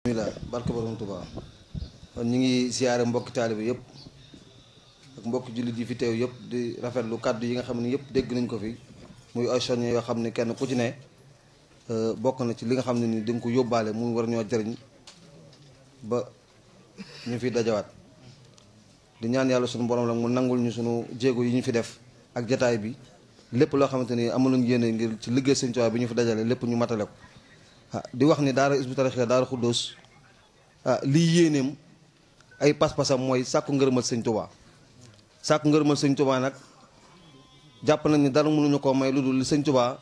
bismillah barke borom Tuubaa kon ñu ngi siyaare mbokki taalibe yëpp ak mbokki jullit yi fi teew yëpp di rafetlu kàddu yi nga xam ni yëpp dégg nañ ko fi muy ay soññe yoo xam ne kenn ku ci ne euh, bokk na ci li nga xam ne ni di nga ko yóbbaale mu war ñoo jëriñ ba ñu fi dajawaat di ñaan yàlla suñu borom la mu nangul ñu suñu jéego yi ñu fi def ak jataay bi lépp loo xamante ni amuluñ yéene ngir ci liggéey Sëñ Tuubaa bi ñu fi dajalee lépp ñu matale ko di wax ni daara isbu dara daara xuddoos ah, li yenem ay pas-pasam moy sakku ngeureumal seigne touba sakku ngeureumal seigne touba nak japp nañ ni dara mënuñu ko may luddul li seigne touba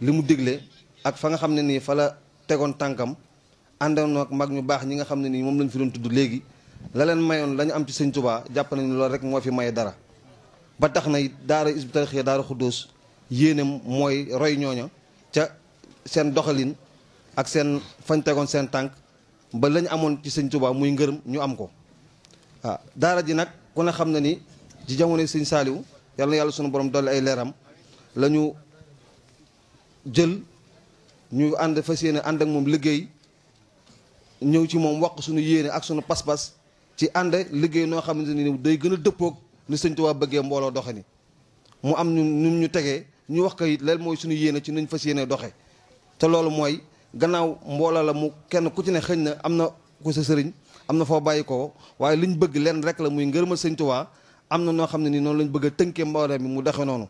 limu diglé ak fa nga xamné ni fa la tégon tankam àndoon nok mag ñu bax ñi nga xamné ni mom lañ fi doon tuddu légui la leen mayon lañ am ci seigne touba japp nañ lool rek mo fi may dara ba tax na daara isbu tarikh daara khudus yenem moy roy ñoño ca sen doxalin ak seen fañ tegoon seen tànk ba lañu amoon ci sëñ Tuubaa muy ngërëm ñu am ko waaw daara ji nag ku ne xam na ni ci jamono sëñ Saaliw yàlla yàlla sunu borom dolli ay leeram la ñu jël ñu ànd fas yéene moom liggéey ñëw ci moom wax suñu yéene ak suñu pas-pas ci ànd liggéey noo xamante ni day gën a dëppoog ni sëñ Tuubaa bëggee mbooloo doxe ni mu am ñu ñu tegee ñu wax ko it leel mooy suñu yéene ci nuñ fas yéenee doxe te loolu mooy gannaaw mboola la mu kenn ku ci ne xëñ na am na ku sa sëriñ am na foo bàyyi ko waaye liñ bëgg lenn rek la muy ngërëmal sëñ Tuubaa am na noo xam ne nii noonu lañ bëgg a tënkee mboola mi mu noonu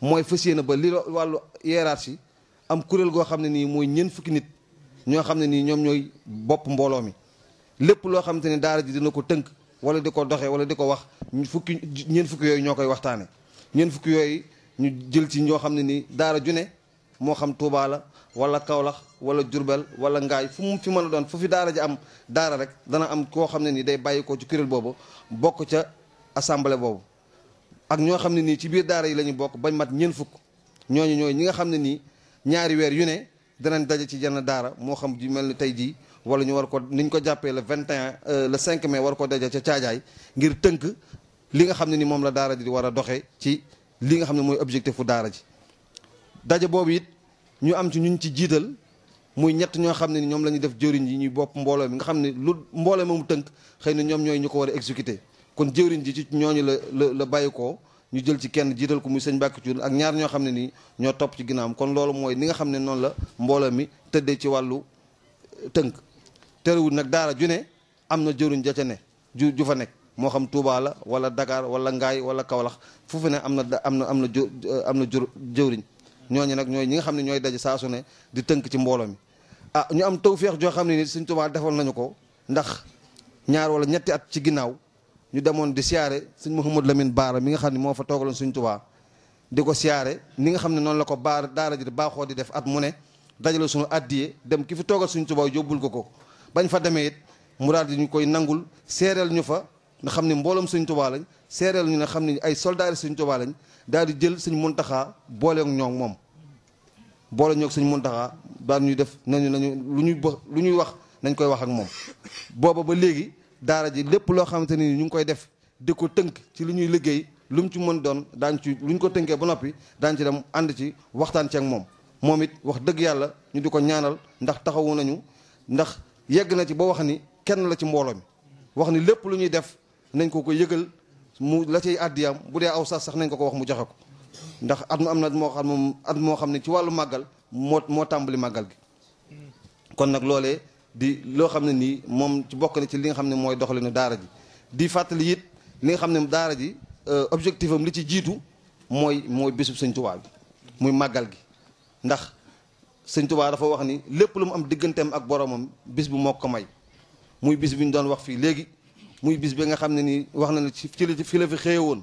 mooy fas yéene ba li wàllu hiérarchie am kuréel goo xam ne nii mooy ñeent fukki nit ñoo xam ne nii ñoom ñooy bopp mbooloo mi lépp loo xam te ne daara ji dina ko tënk wala di ko doxe wala di ko wax fukki ñeent fukki yooyu ñoo koy waxtaane ñeent fukki yooyu ñu jël ci ñoo xam ne nii daara ju ne moo xam Tuubaa la wala Kaolack wala Diourbel wala Ngaay fu mu fi mën a doon fu fi daara ji am daara rek dana am koo xam ne nii day bàyyi ko ci kuréel boobu bokk ca assemblée boobu. ak ñoo xam ne nii ci biir daara yi la bokk bañ mat ñeent fukk ñooñu ñooy ñi nga xam ne nii ñaari weer yu ne danañ daje ci jenn daara moo xam ju mel ni tey jii wala ñu war ko ni ko jàppee le 21 euh, le cinq mais war ko daje ca caajaay ngir tënk li nga xam ne nii moom la daara ji di war a doxee ci li nga xam ne mooy objectif fu daara ji daje ñu am ci ñun ci jiital muy ñett ño xam ñom lañu def jëwriñ yi ñuy bop mbooloo mi nga xam lu mbolé moomu tënk xëy na ñoom ñooy ñu ko war kon jëwriñ ji ci ñoñu la la bayiko ñu jël ci kenn jiital ko muy sëñ Mbàkke Cuun ak ñaar ño xam ne nii ñoo ci ginaam kon loolu moy ni nga xam non la mbooloo mi tëddee ci wàllu tënk terewul nak daara ju amna am na jëwriñ ja ca ne ju fa nekk moo xam Touba la wala Dakar wala Ngaay wala Kaolack fu fi ne amna amna am amna am na am jëwriñ ñooñu nag ñooy ñi nga xam ne ñooy daje saa su ne di tënk ci mbooloo mi ah ñu am feex joo xam ne ni Sëñ Tuubaa defoon nañu ko ndax ñaar wala ñetti at ci ginnaaw ñu demoon di siyaare Sëñ Mouhamadou Lamine Baara mi nga xam ne moo fa toogaloon Sëñ Tuubaa di ko siyaare ni nga xam ne noonu la ko baara daara ji baaxoo di def at mu ne dajale suñu addiye dem ki fi toogal Sëñ Tuubaa yóbbul ko ko bañ fa demee it mu daal di ñu koy nangul seereel ñu fa nga xam ne mbooloom sëñ Tuubaa lañ seereel ñu ne xam ne ay soldaari sëñ Tuubaa lañ daal di jël sëñ Muntaxaa boole ak ñoom moom boole ñoog sëñ Muntaxaa daan ñu def nañu nañu lu ñuy lu ñuy wax nañ koy wax moom booba ba léegi daara ji lépp loo xamante ni ñu ngi koy def di ko tënk ci li ñuy liggéey lu mu ci mën doon daan ci lu ñu ko tënkee ba noppi daan ci dem ànd ci waxtaan ci ak moom moom it wax dëgg yàlla ñu di ko ñaanal ndax taxawu nañu ndax yegg na ci ba wax ni kenn la ci mbooloo wax ni lépp lu ñuy def nañ ko ko yëgal mu la cay àddiyaam bu dee aw sax sax nañ ko ko wax mu joxe ko ndax at mu am na moo xam at moo xam ne ci wàllu màggal moo moo tàmbali màggal gi kon nag loolee di loo xam ne nii moom ci bokk na ci li nga xam ne mooy doxalinu daara ji di fàttali it li nga xam ne daara ji euh, objectif am li ci jiitu mooy mooy bisu sëñ tubaa bi muy màggal gi ndax sëñ tubaa dafa wax ni lépp lu mu am digganteem ak boromam bis bu moo ko may muy bis bi ñu doon wax fii léegi muy bis bi nga xam ne nii wax na ne ci fi la fi xëye woon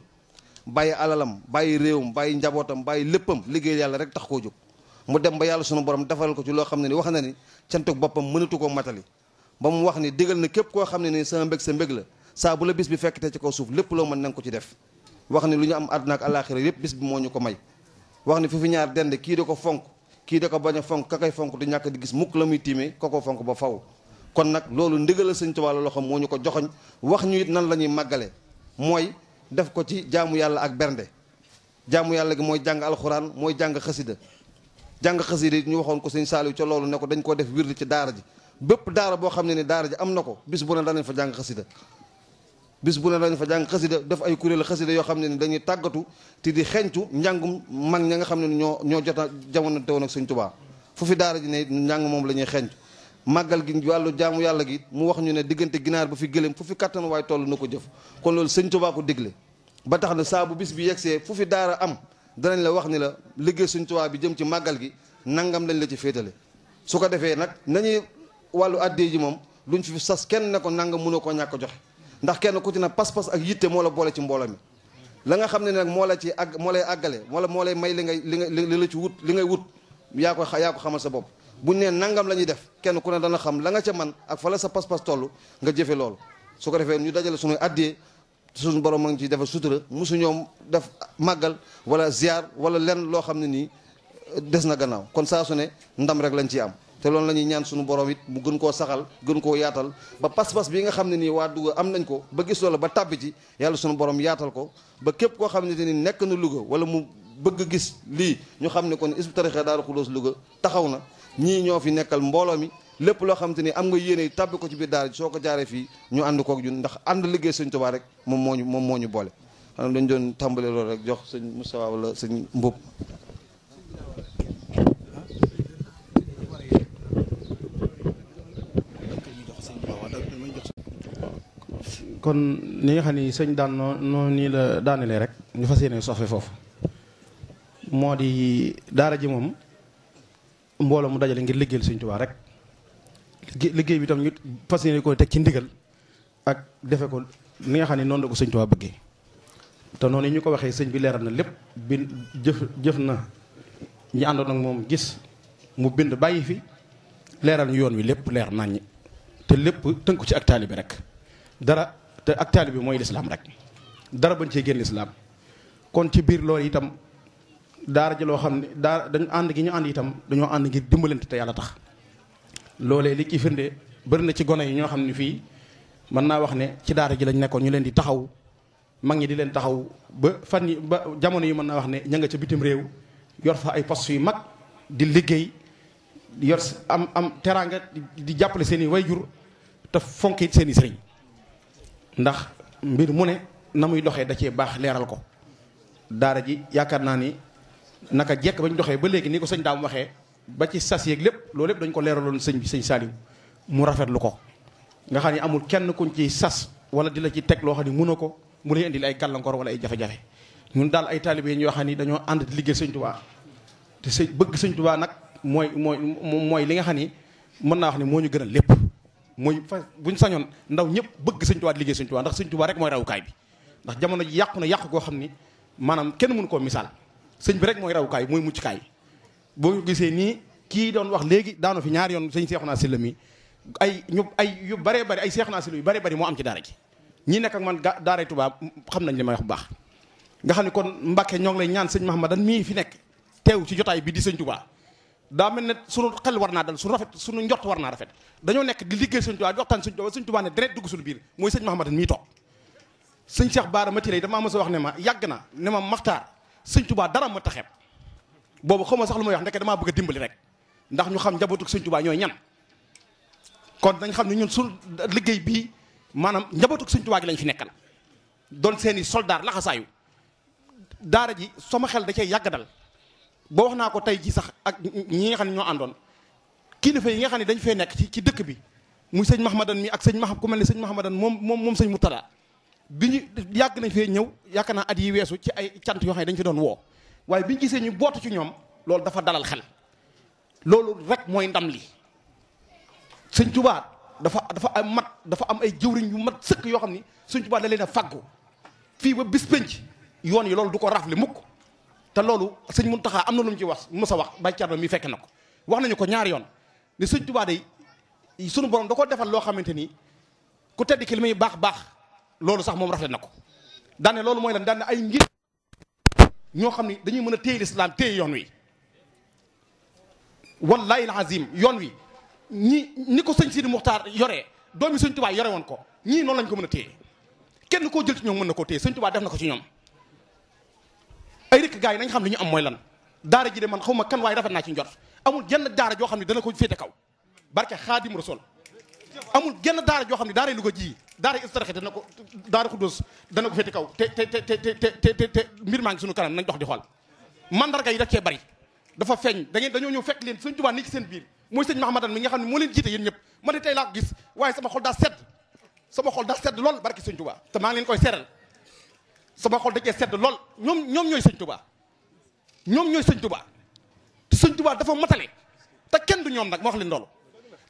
bàyyi alalam bàyyi réewam bàyyi njabootam bàyyi léppam liggéey yàlla rek tax koo jóg mu dem ba yàlla sunu borom defaral ko ci loo xam ne ni wax na ni cantuk boppam mënatu koo matali ba mu wax ni digal na képp koo xam ne ni sa mbég sa mbég la saa bu la bis bi fekk te ci kaw suuf lépp loo mën na ko ci def wax ni lu ñu am àdduna ak àllaaxira yépp bis bi moo ñu ko may wax ni fi fi ñaar dend kii da ko fonk kii da ko bañ a fonk ka koy fonk du ñàkk di gis mukk la muy tiimee ka ko fonk ba faw kon nag loolu ndigal sëñ Tuubaa la loxo moo ñu ko joxoñ wax ñu it nan la ñuy màggale mooy def ko ci jaamu yàlla ak bernde jaamu yàlla gi mooy jàng alxuraan mooy jàng xasida jàng xasida it ñu waxoon ko sëñ Saaliw ca loolu ne ko dañ koo def wirdi ci daara ji bépp daara boo ne ni ji am na ko bis bu ne danañ fa jàng xasida bis bu ne danañ fa jàng xasida def ay kuréel xasida yoo xam ne ni dañuy tàggatu te di xencu njàngum mag ña nga xam ne ni ñoo ñoo jota jamono tewoon ak sëñ Tuubaa fu fi daara ji ne njàng moom la ñuy xencu màggal gi wàllu jaamu yàlla gi mu wax ñu ne diggante ginaar ba fi gëléem fu fi kattan waay toll na ko jëf kon loolu sëñ Tuubaa ko digle ba tax na saa bis bi yegsee fu fi daara am danañ la wax ni la liggéey sëñ Tuubaa bi jëm ci màggal gi nangam lañ la ci féetale su ko defee nag nañuy wàllu addee ji moom ñu fi sas kenn ne ko nangam mënoo koo ñàkk joxe ndax kenn ku ci ne pas-pas ak yitte moo la boole ci mbooloo mi la nga xam ne nag moo la ci àgg moo lay àggale moo moo lay may li ngay li nga li la ci wut li ngay wut yaa ko yaa ko xamal sa bopp buñ nee nangam la ñuy def kenn ku ne dana xam la nga ca man ak fa la sa pas-pas toll nga jëfe loolu su ko defee ñu dajale suñuy addee suñu borom ma ngi ciy defal sutura mosu ñoom def màggal wala ziar wala lenn loo xam ne nii euh, des na gannaaw kon saa su ne ndam rek lañ ciy am te loolu la ñuy ñaan suñu borom it mu gën koo saxal gën koo yaatal ba pas-pas bi nga xam ne nii waa Louga am nañ ko ba gis loola ba tàbbi ci yàlla suñu borom yaatal ko ba képp koo xam ne nekk na Louga wala mu bëgg gis lii ñu xam ne kon Hizbut Tarqiyyah Daaru Xudoos Louga taxaw na ñii ñoo fi nekkal mbooloo mi lépp loo xam te ni am nga yéene tàbbi ko ci biir daara soo ko jaaree fii ñu ànd kook ñun ndax ànd liggéey sëñ Tuubaa rek moom moo ñu moom boole xanaa doon tàmbale rek jox sëñ Moustapha wala sëñ li nga xam ni sëñ daan nii la daanelee rek ñu fas yéene sofe foofu moo di daara ji moom mbooloo mu dajale ngir liggéeyal Sëriñ Tuubaa rek liggéey bi tam ñu fas yéene ko teg ci ndigal ak defe ko li nga xam ne noonu la ko Sëriñ Tuubaa bëggee te noonu ñu ko waxee sëñ bi leeral na lépp bi jëf jëf na ñi àndoon ak moom gis mu bind bàyyi fi leeral ñu yoon wi lépp leer naññi te lépp tënku ci ak taali bi rek dara te ak taali bi mooy lislaam rek dara bañ cee génn lislaam kon ci biir loolu itam daara ji loo xam ne daara dañ ànd gi ñu ànd itam dañoo ànd ngir dimbalante te yàlla tax loolee li ci firnde bëri na ci gone yi ñoo xam ne fii mën naa wax ne ci daara ji lañ nekkoon ñu leen di taxaw mag ñi di leen taxaw ba fan ba jamono yi mën naa wax ne ña nga bitim réew yor fa ay poste yu mag di liggéey yor am am teranga di jàppale seen i wayjur te fonk it seen i sëriñ ndax mbir mu ne na muy da cee baax leeral ko daara ji yaakaar naa ni naka jek bañ doxé ba légui ni ko sëñ daam waxé ba ci sas yi lepp loolu lépp dañ ko leeraloon sëñ bi señ salim mu rafetlu ko nga xani amul kenn kuñ ci sas wala di ci tek lo xani ne ko mu lay andi ay gàllankoor wala ay jafé jafé ñun dal ay talibé yi ñoo xam ni dañoo ànd di liggéey sëñ Tuubaa bëgg señ Tuubaa nak moy moy moy li nga xani mën na wax ne gënal lepp moy buñ sañon ndaw ñepp bëgg señ señ ndax señ rek rawukaay bi ndax jamono ji yàqu na yàqu koo xam kenn mënu ko misal sëñ bi rek mooy rawukaay mooy muccukaay boo gisee nii kii doon wax léegi daanu fi ñaari yoon sëñ Seexuna Sylla mi ay ñu ay yu baree bari ay Seexuna Sylla yu baree bari moo am ci daara ji ñi nekk ak man daaray Touba xam nañ li may wax baax nga xam ne kon Mbàkke ñoo lay ñaan sëñ Mahamadan mii fi nekk teew ci jotaay bii di sëñ Touba daa mel ne suñu xel war naa dal su rafet suñu njort war naa rafet dañoo nekk di liggéey sëñ Touba di waxtaan sëñ Touba sëñ ne deret dugg suñu biir mooy sëñ Mahamadan mii toog sëñ Cheikh Baara Matilay damaa mos a wax ne ma yàgg na ne ma maxtaar sëñ tubaa dara ma taxeeb boobu xaw ma sax lu ma wax ndeke damaa bëgg a dimbali rek ndax ñu xam njabootu sëñ tubaa ñooy ñan kon dañ xam ne ñun suñ liggéey bii maanaam njabootu sëñ tubaa gi lañ fi nekkal doon seeni soldaar laxasaayu daara ji sama xel da cee yàgg dal boo wax naa ko tey ji sax ak ñi nga xam ne ñoo àndoon kilifa yi nga xam ne dañ fee nekk ci ci dëkk bi muy sëñ Mahamadan mi ak sëñ Maham ku mel ne sëñ Mahamadan moom moom moom sëñ Mutala bi ñu yàgg nañ fee ñëw yaakaar naa at yi weesu ci ay cant yoo xam ne dañ fi doon woo waaye bi ñu gisee ñu bootu ci ñoom loolu dafa dalal xel loolu rek mooy ndam li sëñ Tuubaa dafa dafa am mat dafa am ay jëwriñ yu mat sëkk yoo xam ni sëñ Tuubaa da leen a fàggu fii ba bis penc yoon yi loolu du ko rafle mukk te loolu sëñ mun Muntaxa am na lu mu ci wax mu sa wax bay Cerno mi fekk na ko wax nañu ko ñaari yoon ni sëñ tubaat day sunu borom da ko defal loo xamante ni ku tedd ki li muy baax loolu sax moom rafet na ko daane loolu mooy lan daane ay ngir ñoo xam ni dañuy mën a téye lislaam téye yoon wi wallahi alazim yoon wi ñii ni ko sëñ Sidi Muxtaar yore doomi sëñ Tuubaa yore woon ko ñii noonu lañ ko mën a téye kenn koo jël ci ñoom mën na koo téye sëñ Tuubaa def na ko ci ñoom ay rëkk gars yi nañ xam li ñu am mooy lan daara ji de man xaw ma kan waaye rafet naa ci njot amul jenn daara joo xam ne dana ko féete kaw barke xaadim rasul amul genn daara joo xam ne daara lu ko ji daara istaraxe dana ko daara xuddos dana ko féete kaw te te te te te te mbir maa ngi suñu kanam nañ dox di xool mandarga yi rek cee bari dafa feeñ da ngeen dañoo ñëw fekk leen sëñ Tuubaa ni ci seen biir mooy sëñ Mahamadan mi nga xam ne moo leen jiite yéen ñëpp ma ne tey laa ko gis waaye sama xol sama xol daa sedd lool barki sëñ Tuubaa te maa ngi koy seral sama xol da cee sedd lool ñoom ñoom ñooy sëñ Tuubaa ñoom ñooy sëñ Tuubaa te sëñ tubaa dafa matale te kenn du ñoom nag ma wax leen loolu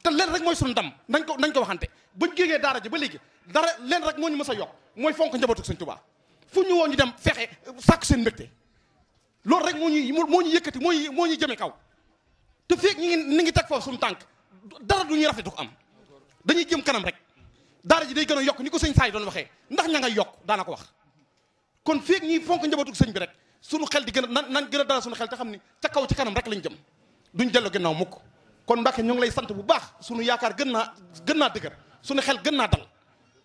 te leen rek mooy suñu ndam nañ ko nañ ko waxante buñ géegee daara ji ba léegi dara leen rek moo ñu mës a yokk mooy fonk njabootu Sëñ Tuubaa fu ñu woo ñu dem fexe sàkk seen mbégte loolu rek moo ñuy moo ñu yëkkati moo ñu moo ñuy jëme kaw te feeg ñu ngi ni ngi teg foofu suñu tànk dara du ñuy rafetu ko am dañuy jëm kanam rek daara ji day gën a yokk ni ko sëñ saay doon waxee ndax ña ngay yokk daana ko wax kon feek ñi fonk njabatu sëñ bi rek suñu xel di gën a nan nan gën a dara suñu xel te xam ni ca kaw ci kanam rek lañ jëm duñ dellu ginnaaw mukk kon Mbacke ñu ngi lay sant bu baax sunu yaakaar gën naa gën naa dëgër suñu xel gën naa dal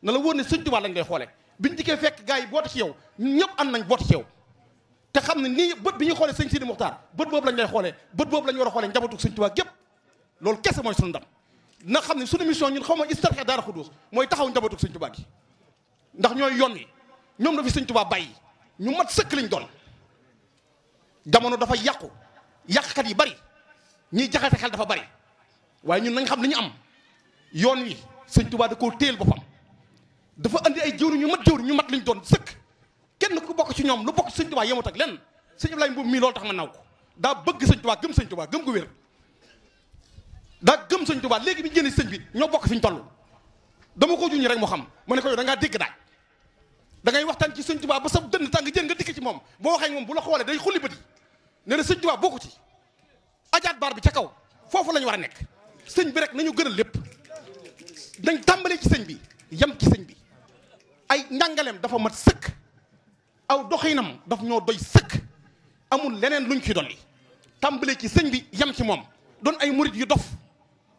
na la wóor ne sëñ Tuubaa lañ lay xoolee biñ dikkee fekk gars yi boote ci yow ñun ñëpp ànd nañ boote ci yow te xam ne nii bët bi ñuy xoolee sëñ Sidi Muxtaar bët boobu lañ lay xoolee bët boobu lañ war a xoolee njabootu sëñ Tuubaa gépp loolu kese mooy sunu dam na xam ne suñu mission ñun xaw ma istarxe daara xuduus mooy taxaw njabootu sëñ Tuubaa gi ndax ñooy yoon wi ñoom la fi sëñ Tuubaa bàyyi ñu mat sëkk liñ doon jamono dafa yàqu yàqkat yi bari ñiy jaxase xel dafa bari waaye ñun nañ xam li ñu am yoon wi sëñ Tuubaa da koo téyel boppam dafa andi ay jëwriñ ñu mat jëwriñ ñu mat liñ doon sëkk kenn ku bokk ci ñoom lu bokk sëñ Tuubaa yemut ak lenn sëñ Ablaye Mbuub mii loolu tax ma naw ko daa bëgg sëñ Tuubaa gëm gëm gu wér daa sëñ Tuubaa léegi bi ñu génne bi ñoo bokk fi ñu toll dama ko juñ rek moo xam ma ne ko yow da ngaa dégg daaj da ngay waxtaan ci sëñ Tuubaa ba sa dënn tàng jën nga dikk ci moom boo waxee moom bu la xoolee day xulli bët yi nee na sëñ Tuubaa bokku ci ajaat baar bi ca kaw foofu lañu ñu war a nekk sëñ bi rek nañu gënal lépp dañ tàmbalee ci sëñ bi yem ci sëñ bi ay njàngaleem dafa mat sëkk aw doxinam daf ñoo doy sëkk amul leneen luñ ci dolli tàmbalee ci sëñ bi yem ci moom doon ay murit yu dof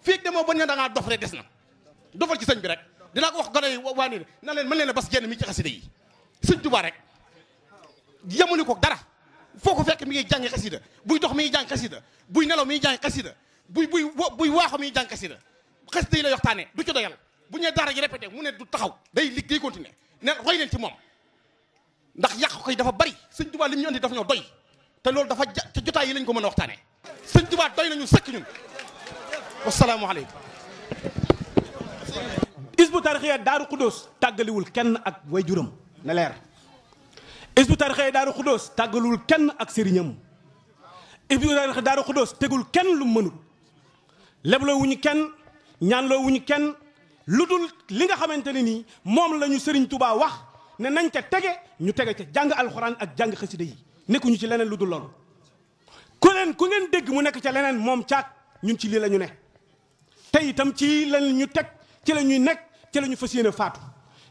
fii ak demoo ba ne da ngaa rek des na dofal ci sëñ bi rek dinaa ko wax gone yi waa na leen mën leen a bas jenn mi ci xasida yi sëñ Tuubaa rek yemuli ko dara foo ko fekk mi ngi jàngi xasida buy dox mi ngi jàng xasida buy nelaw mi ngi jàng xasida buy buy buy waaxo mi ngi jàng xasida xasida yi lay waxtaanee du ci doyal bu ñee daara ji répété mu ne du taxaw day liggéey day continuer ne roy leen ci moom ndax yàq koy dafa bari sëñ Tuubaa li ñu andi dafa ñoo doy te loolu dafa ja ca jotaay yi lañ ko mën a waxtaanee sëñ Tuubaa doy nañu sëkk ñun wasalaamualeykum isbu tarxiya daaru xudóos tàggalewul kenn ak way juram na leer isbu tarixee daaru xudóos tàggalul kenn ak sëriñam isbu tarixee daaru xudóos tegul kenn lu mënul lebloo kenn ñaanloo kenn lu dul li nga xamante ne nii moom lañu sëriñ tubaa wax ne nañ ca tege ñu tege ca jàng alxuraan ak jàng xasida yi nekkuñu ci leneen lu dul loolu ku leen ku ngeen dégg mu nekk ca leneen moom caat ñun ci lii la ñu ne te itam ci lañ ñu teg ci la ñuy nekk ci la ñu fas yéene faatu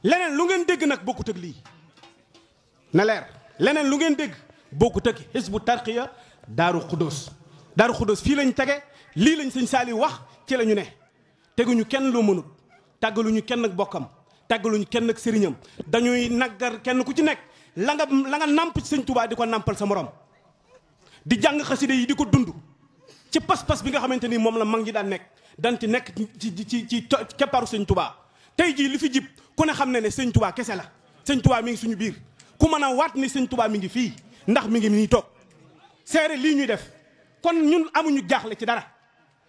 leneen lu ngeen dégg nag bokkut lii na leer leneen lu ngeen dégg boo ko bokkut ak Hizbu Tarqiya Daaru Xuddoos Daaru Xuddoos fii lañ tege lii lañ sëñ Saaliw wax ci la ñu ne teguñu kenn loo mënut tàggaluñu kenn ak bokkam tàggaluñu kenn ak sëriñam dañuy naggar kenn ku ci nekk la nga la nga nàmp ci sëñ tubaa di ko nàmpal sa morom di jàng xaside yi di ko dund ci pas-pas bi nga xamante ni moom la mag ñi daan nekk danti nekk ci ci ci keppaaru sëñ Tuubaa tey jii li fi jib ku ne xam ne ne sëñ kese la sëñ mi suñu biir ku mën a waat ni sëñ Tuubaa mi ngi fii ndax mi ngi nii toog seere lii ñuy def kon ñun amuñu jaaxle ci dara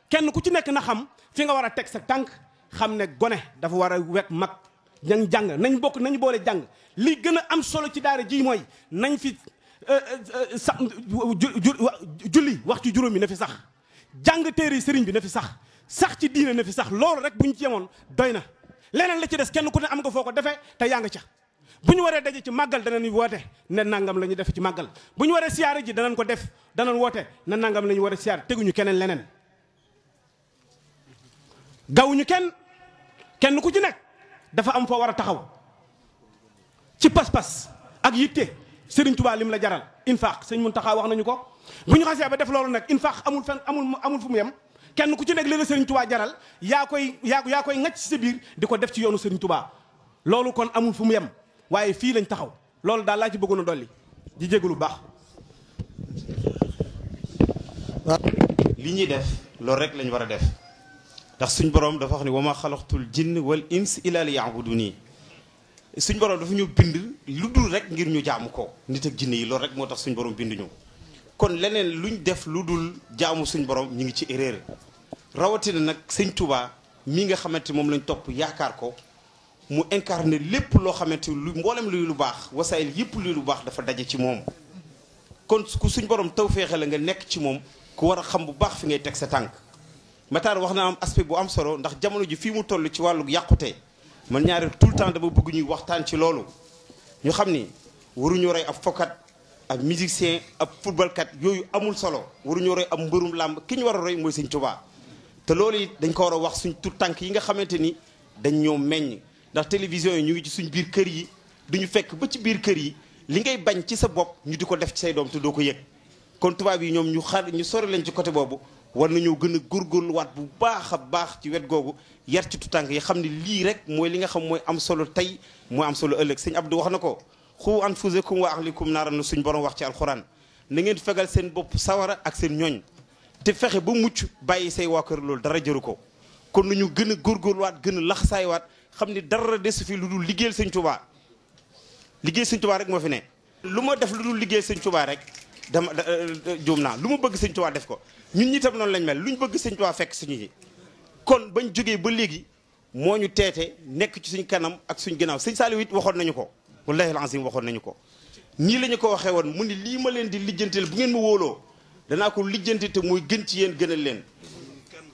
kenn ku ci nekk na xam fi nga war a teg sa tànk xam ne gone dafa war a wet mag ñang jàng nañ bokk nañ boole jàng li gën a am solo ci daara ji mooy nañ fi euh, euh, sa julli wax ci juróom yi ne fi sax jàng téere sëriñ bi na fi sax sax ci diine na fi sax loolu rek bu ñu ci yemoon doy na leneen la ci des kenn ku ne am nga foo ko defee te yaa nga ca bu ñu waree daje ci màggal dana danañ woote ne nangam la ñu def ci màggal bu ñu waree siyaare ji danañ ko def danañ woote ne nangam la ñu war a siyaare teguñu keneen leneen gawuñu kenn kenn ku ci nekk dafa am foo war a taxaw ci pas-pas ak yitte Serigne Touba lim la jaral infaq sëñ taxaw wax nañu ko bu ñu xasee ba def loolu nag infaq amul fen amul amul fu mu yem kenn ku ci nekk li la Serigne jaral yaa koy yaa yaa koy ŋacc ci sa biir di ko def ci yoonu Serigne Touba loolu kon amul fu mu yem waaye fii lañ taxaw loolu daal laa ci bëggoon a dolli di jégalu baax. li ñuy def loolu rek lañ war a def ndax suñ borom dafa wax ni ma xalaqtul jinn wal ins illa li yaabuduni suñ borom dafa ñu bind lu dul rek ngir ñu jaamu ko nit ak jinn yi loolu rek moo tax suñ borom bind ñu. kon leneen luñ def lu dul jaamu suñ borom ñu ngi ci erreur rawatina nag sëñ tubaa mii nga xamante moom lañ topp yaakaar ko. mu incarné lépp loo xamante lu mboolem luy lu baax wasaayil yëpp luy lu baax dafa daje ci moom kon ku suñ borom taw féexee la nga nekk ci moom ku war a xam bu baax fi ngay teg sa tànk Matar wax na am aspect bu am solo ndax jamono ji fii mu toll ci wàllu yàqute man ñaari tout le temps dama bëgg ñuy waxtaan ci loolu ñu xam ni waruñu rey ab fokat ab musicien ab footballkat yooyu amul solo waruñu roy ab mbërum làmb ki ñu war a roy mooy Sëñ Tuubaa te loolu it dañ ko war a wax suñ tout tànk yi nga xamante ni dañ ñoo meññ ndax télévision yi ñu ngi ci suñ biir kër yi duñu fekk ba ci biir kër yi li ngay bañ ci sa bopp ñu di ko def ci say doom te doo ko yëg kon tubaab yi ñoom ñu xar ñu sori leen ci côté boobu war nañoo gën a góorgóorluwaat bu baax a baax ci wet googu yar ci tutànk yi xam ne lii rek mooy li nga xam mooy am solo tey mooy am solo ëllëg sëñ Abdou wax na ko xu anfusakum wa ahlikum naaral na suñ borom wax ci alxuraan na ngeen fegal seen bopp sawara ak seen ñooñ te fexe ba mucc bàyyi say waa kër loolu dara jaru ko kon nañu gën a góorgóorluwaat gën a laxsaaywaat xam ni dara desu fi lu dul liggéeyal sëñ Touba liggéey sëñ Touba rek moo fi ne. lu ma def lu dul liggéey sëñ Touba rek dama euh, euh, juum naa lu ma bëgg sëñ Touba def ko ñun ñi tam noonu lañ mel luñ bëgg sëñ Touba fekk suñu ji kon bañ jógee ba léegi moo ñu teete nekk ci suñ kanam ak suñ ginnaaw sëñ Saliou it waxoon nañu ko wallahi alazim waxoon nañu ko. ñii la ko waxee woon mu ni lii ma leen di lijjanteel bu ngeen ma wóoloo danaa ko lijjanti te muy gën ci yéen gënal leen.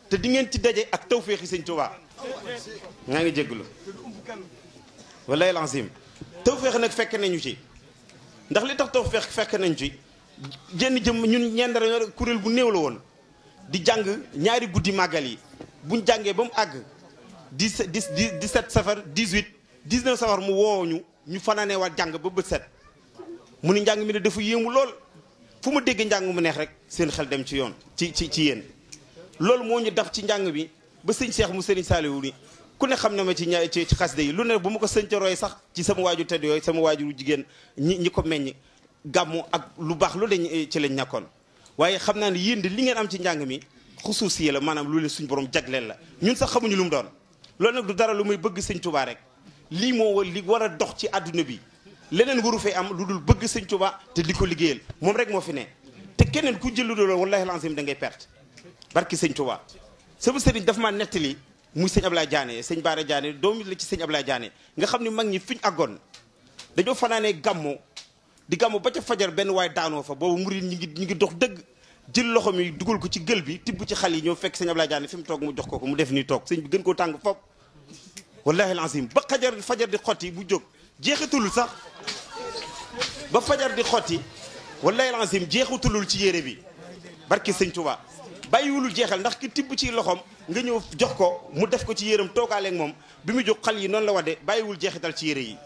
te di ngeen ci daje ak tawféexi sëñ Tuubaa maa ngi jégalu wallaay lancim tawféex nag fekk nañu ci ndax li tax tawféex fekk nañu ci jenn jëm ñun ñenn dañoo kuréel bu néew la woon di jàng ñaari guddi màggal yi buñ jàngee ba mu àgg dix dix dix sept safar dix huit dix neuf safar mu woo ñu ñu fanaanee waat jàng ba bët set mu ni njàng mi ne dafa yéemu lool fu ma déggee njàng mu neex rek seen xel dem ci yoon ci ci ci yéen. loolu moo ñu daf ci njàng bi ba sëñ Cheikh mu sëriñ Saaliwu ni ku ne xam ne ma ci ña ci xasida yi lu ne bu ma ko sëncarooy sax ci sama waajur tedd yooyu sama waajuru jigéen ñi ñi ko meññ gàmmu ak lu baax lu dañ eh, ci lañ ñàkkoon waaye xam naa ne yéen li ngeen am ci njàng mi xusuus yi la maanaam lu leen suñ borom jagleel la ñun sax xamuñu lu mu doon loolu nag du dara lu muy bëgg sëñ Tuubaa rek lii moo war li war a dox ci àdduna bi leneen waru fee am lu dul bëgg sëñ Tuubaa te di ko liggéeyal moom rek moo fi ne te keneen ku jël lu dul wallaahi lazim da ngay perte barki sëñ Touba sama sëriñ dafa maa nettali muy sëñ Ablaye Diané sëñ Baara Diané doomu la ci sëñ laay Diané nga xam ni mag ñi fi ñu àggoon dañoo fanaanee gàmmu di gàmmu ba ca fajar benn waaye daanoo fa boobu murin ñi ngi ñi ngi dox dëgg jël loxo mi dugal ko ci gël bi tibb ci xal yi ñoo fekk sëñ Ablaye Diané fi mu toog mu jox ko ko mu def nii toog sëñ bi gën koo tàng foofu wallahi alazim ba xajar fajar di xotti bu jóg jeexatulul sax ba fajar di xotti wallahi alazim jeexatulul ci yére bi barki sëñ bàyyiwulu jeexal ndax ki tibb ci loxoom nga ñëw jox ko mu def ko ci yéram toogaaleeg moom bi mu jóg xal yi noonu la wadde bàyyiwul dal ci yére yi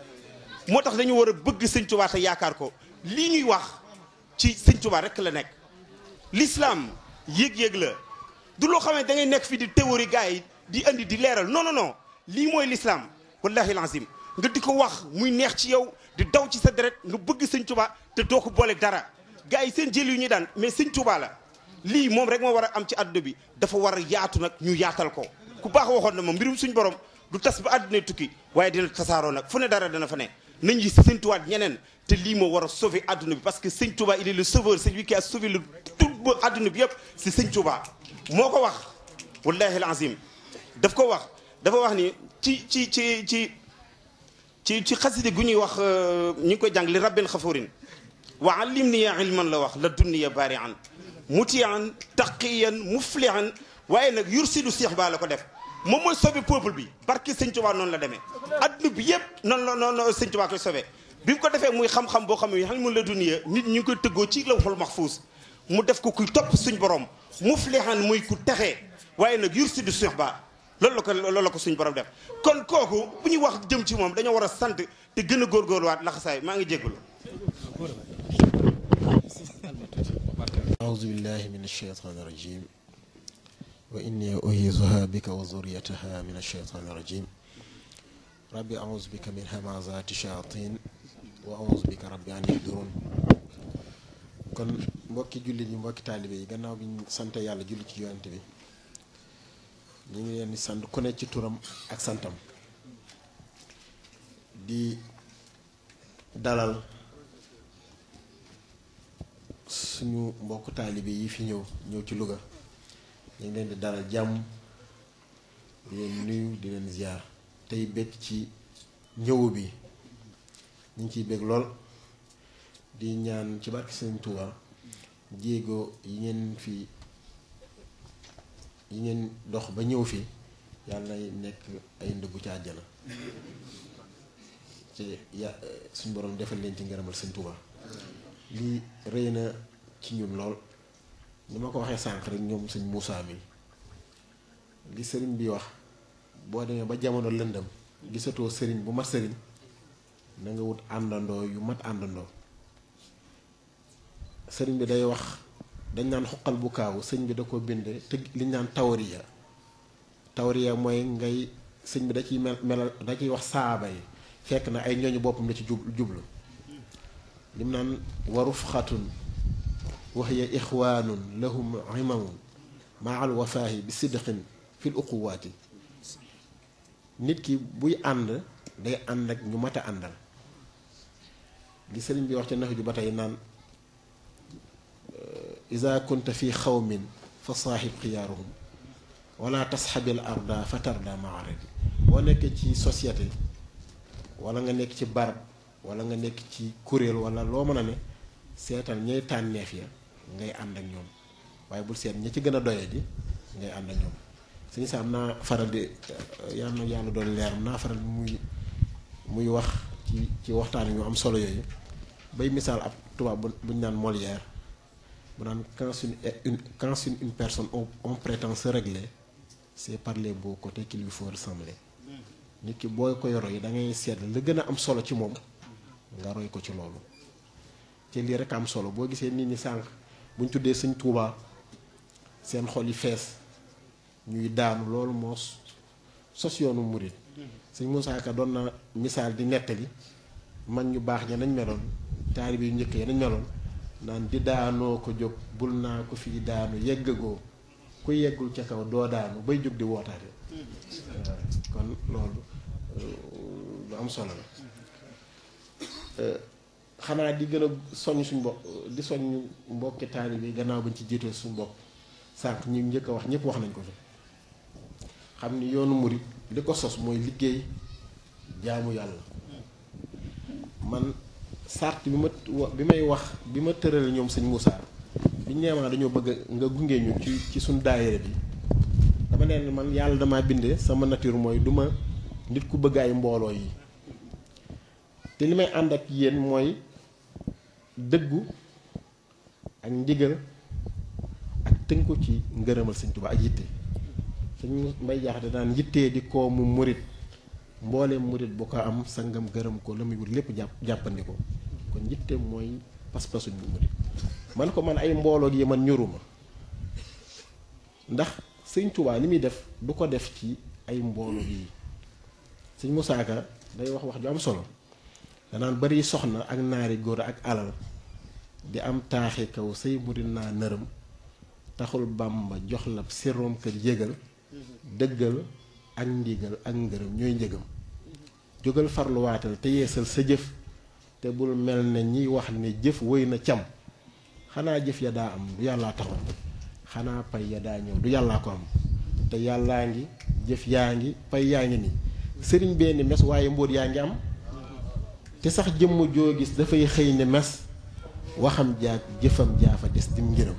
moo tax dañu war a bëgg sëñ Tuubaa te yaakaar ko lii ñuy wax ci sëñ Tuubaa rek la nekk l'islam yéeg-yéeg la du loo xam ne ngay nekk fii di théorie gars yi di indi di leeral non non lii mooy l'islam wallahi lazim nga di ko wax muy neex ci yow di daw ci sa deret nga bëgg sëñ Tuubaa te doo ko boole dara gars yi jël yu ñu daan mais sëñ Tuubaa la lii moom rek moo war a am ci àdduna bi dafa war a yaatu nag ñu yaatal ko ku baax waxoon na ma mbirum suñ borom du tas ba àdduna tukki waaye dina tasaaroo nag fu ne dara dana fa ne nañ yi sëñ tuwaat ñeneen te lii moo war a sauver àdduna bi parce que sëñ Touba il est le sauveur celui qui a sauvé le tout ba àdduna yëpp si sëñ moo ko wax wallahi alazim daf ko wax dafa wax ni ci ci ci ci ci ci xaside gu ñuy wax euh, ñu ngi koy jàng li rabbin xafurin waa allim niya ilman la wax la dunniya bari an mutiyan taqiyan muflihan waaye nag yursidu Cheikh Ba la ko def moom mooy sauver peuple bi parce que Sëñ Tuubaa noonu la demee adduna bi yëpp noonu la noonu Sëñ Tuubaa koy sauver bi mu ko defee muy xam-xam boo xam ne xam mun la duniya nit ñu ngi koy tëggoo ci lawhul mahfuus mu def ko kuy topp suñ borom muflihan muy ku texee waaye nag yursidu Cheikh Ba loolu la ko loolu la ko suñ borom def kon kooku bu ñuy wax jëm ci moom dañoo war a sant te gën a góorgóorluwaat laxasaay maa ngi jégalu أعوذ بالله من الشيطان الرجيم وإني أعيذها بك وذريتها من الشيطان الرجيم ربي أعوذ بك من همازات الشياطين وأعوذ بك ربي أن يحضرون kon mbokki jullit yi mbokki taalibe yi gannaaw bi ñu sant yàlla julli ci yonent bi ñu ngi leen di sant ku ci turam ak santam di dalal suñu mbokk taalibe yi fi ñëw ñëw ci Louga ñu ngi leen di dara jàmm di leen nuyu di leen ziar tey bég ci ñëw bi ñu ngi ciy bég lool di ñaan ci barke Sëriñ Tuubaa jéego yi ngeen fi yi ngeen dox ba ñëw fi yàlla nay nekk ay ndëggu ci àjjana te ya suñu borom defal leen ci ngërëmal Sëriñ Tuubaa lii rëy na ci ñun lool ni ma ko waxee sànq rek ñoom sëñ Moussa bi li sëriñ bi wax boo demee ba jamono lëndëm gisatoo sëriñ bu mat sëriñ na nga wut àndandoo yu mat àndandoo sëriñ bi day wax dañ naan xoqal bu kaaw sëñ bi da ko bind te liñ naan tawariya tawariya mooy ngay sëñ bi da ciy mel melal da ciy wax saaba yi fekk na ay ñooñu boppam la ci jublu لمن ورفخة وهي إخوان لهم عمم مع الوفاة بصدق في الأقوات نبكي كي بوي اند داي اند اك ني ماتا اندال دي سيرين بي واخ آه، اذا كنت في خوم فصاحب خيارهم ولا تصحب الارض فتردى معرض ولا كي سوسيتي ولا نكتي nek wala nga nekk ci kuréel wala loo mën a ne seetal ñay tànneef ya ngay ànd ak ñoom waaye bul seet ña ci gën a doye ji ngay ànd ak ñoom suñu sa am naa faral di eh, yal na yàlla doon leer naa faral di muy muy wax ci ci waxtaan yu am solo yooyu bay misaal ab tubaab bu ñu naan Molière bu naan quand une quand une personne on prétend se régler c'est par les beaux côtés qu'il lui ressembler hmm. nit ki booy koy roy da ngay seet la gën a am solo ci moom nga roy ko ci loolu ci lii rek am solo boo gisee nit ñi sànq buñ tuddee sëñ Tuubaa seen xol yi fees ñuy daanu loolu moo sos yoonu murit sëñ Moussa doon na misaal di nettali mag ñu baax ña nañ meloon taalibe yu njëkk ya nañ meloon naan di daanoo ko jóg bul naa ko fii daanu yeggagoo ku yeggul ca kaw doo daanu bay jóg di wootaate mm. kon loolu lu am solo la xanaa di gën a soññ suñu bopp di soññ mbokki taalibe bi gannaaw bañ ci jiitee suñu bopp sànq ñu njëkk a wax ñépp wax nañ ko fi xam ni yoonu murit li ko sos mooy liggéey jaamu yàlla man sart bi ma bi may wax bi ma tëral ñoom sëñ Moussa biñ neemaa dañoo bëgg nga gunge ñu ci ci suñ daayira bi dama neen man yàlla damaa bindee sama nature mooy du ma nit ku bëggaay mbooloo yi te li may ànd ak yéen mooy dëggu ak ndigal ak tënku ci ngërëmal sëñ Tuubaa ak yitte sëñ Mbay Jaxate daan yittee di koo murit mbooleem murit bu ko am sangam gërëm ko la muy wut lépp jàpp jàppandi kon yitte mooy pas-pasuñ bu murit man ko man ay mbooloo gi man ñoruma ndax sëñ Tuubaa li muy def du ko def ci ay mbooloo yi sëñ mu saaka day wax wax ju am solo danaan bari soxna ak naari góor ak alal di am taaxi kaw say murit naa nërëm taxul bàmba jox la siroom ka jégal dëggal ak ndigal ak ngërëm ñooy njëgam jógal farluwaatal te yeesal sa jëf te bul mel na ñi wax ne jëf wëy na cam xanaa jëf ya daa am du yàllaa taxoon xanaa pay ya daa ñëw du yàllaa ko am te yàllaa ngi jëf yaa ngi pay yaa ngi nii sëriñ benn mes waaye mbóot yaa ngi am te sax jëmm joo gis dafay xëy ne mes waxam jaag jëfam jaafa des dim ngërëm